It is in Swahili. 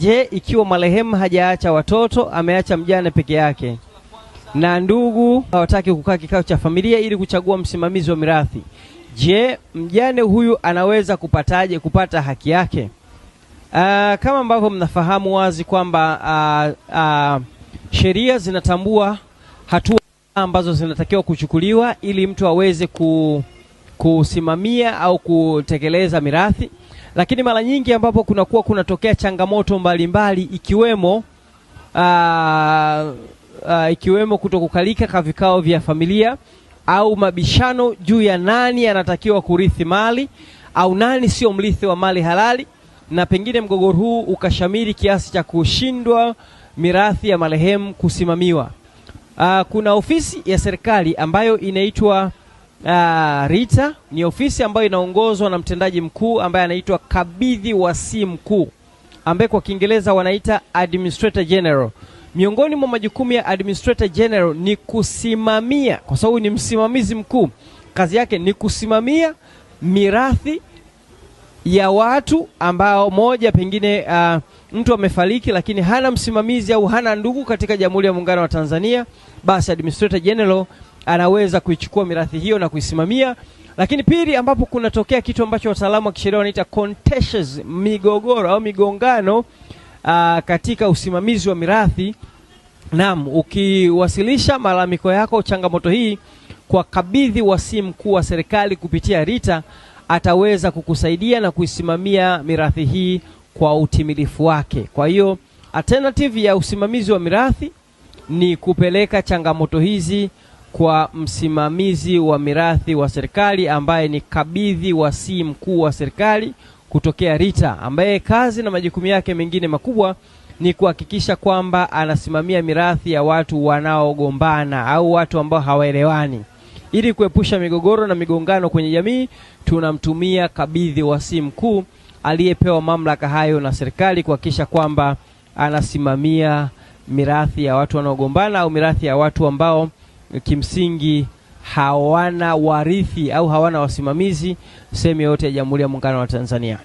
Je, ikiwa marehemu hajaacha watoto, ameacha mjane peke yake na ndugu hawataki kukaa kikao cha familia ili kuchagua msimamizi wa mirathi, je, mjane huyu anaweza kupataje kupata haki yake? Aa, ah, kama ambavyo mnafahamu wazi kwamba ah, ah, sheria zinatambua hatua ambazo zinatakiwa kuchukuliwa ili mtu aweze ku kusimamia au kutekeleza mirathi, lakini mara nyingi ambapo kunakuwa kunatokea changamoto mbalimbali mbali, ikiwemo uh, uh, ikiwemo kutokukalika kwa vikao vya familia au mabishano juu ya nani anatakiwa kurithi mali au nani sio mrithi wa mali halali, na pengine mgogoro huu ukashamiri kiasi cha kushindwa mirathi ya marehemu kusimamiwa. Aa, ah, kuna ofisi ya serikali ambayo inaitwa uh, RITA ni ofisi ambayo inaongozwa na mtendaji mkuu ambaye anaitwa kabidhi wasii mkuu ambaye kwa Kiingereza wanaita administrator general. Miongoni mwa majukumu ya administrator general ni kusimamia, kwa sababu ni msimamizi mkuu. Kazi yake ni kusimamia mirathi ya watu ambao moja pengine uh, mtu amefariki lakini hana msimamizi au hana ndugu katika Jamhuri ya Muungano wa Tanzania, basi administrator general anaweza kuichukua mirathi hiyo na kuisimamia. Lakini pili, ambapo kunatokea kitu ambacho wataalamu wa kisheria wanaita contentious, migogoro au migongano aa, ah, katika usimamizi wa mirathi. Naam, ukiwasilisha malalamiko yako, changamoto hii kwa kabidhi wasi mkuu wa serikali kupitia RITA ataweza kukusaidia na kuisimamia mirathi hii kwa utimilifu wake. Kwa hiyo alternative ya usimamizi wa mirathi ni kupeleka changamoto hizi kwa msimamizi wa mirathi wa serikali ambaye ni kabidhi wasii mkuu wa serikali kutokea RITA, ambaye kazi na majukumu yake mengine makubwa ni kuhakikisha kwamba anasimamia mirathi ya watu wanaogombana au watu ambao hawaelewani. Ili kuepusha migogoro na migongano kwenye jamii, tunamtumia kabidhi wasii mkuu aliyepewa mamlaka hayo na serikali kuhakikisha kwamba anasimamia mirathi ya watu wanaogombana au mirathi ya watu ambao kimsingi hawana warithi au hawana wasimamizi sehemu yoyote ya Jamhuri ya Muungano wa Tanzania.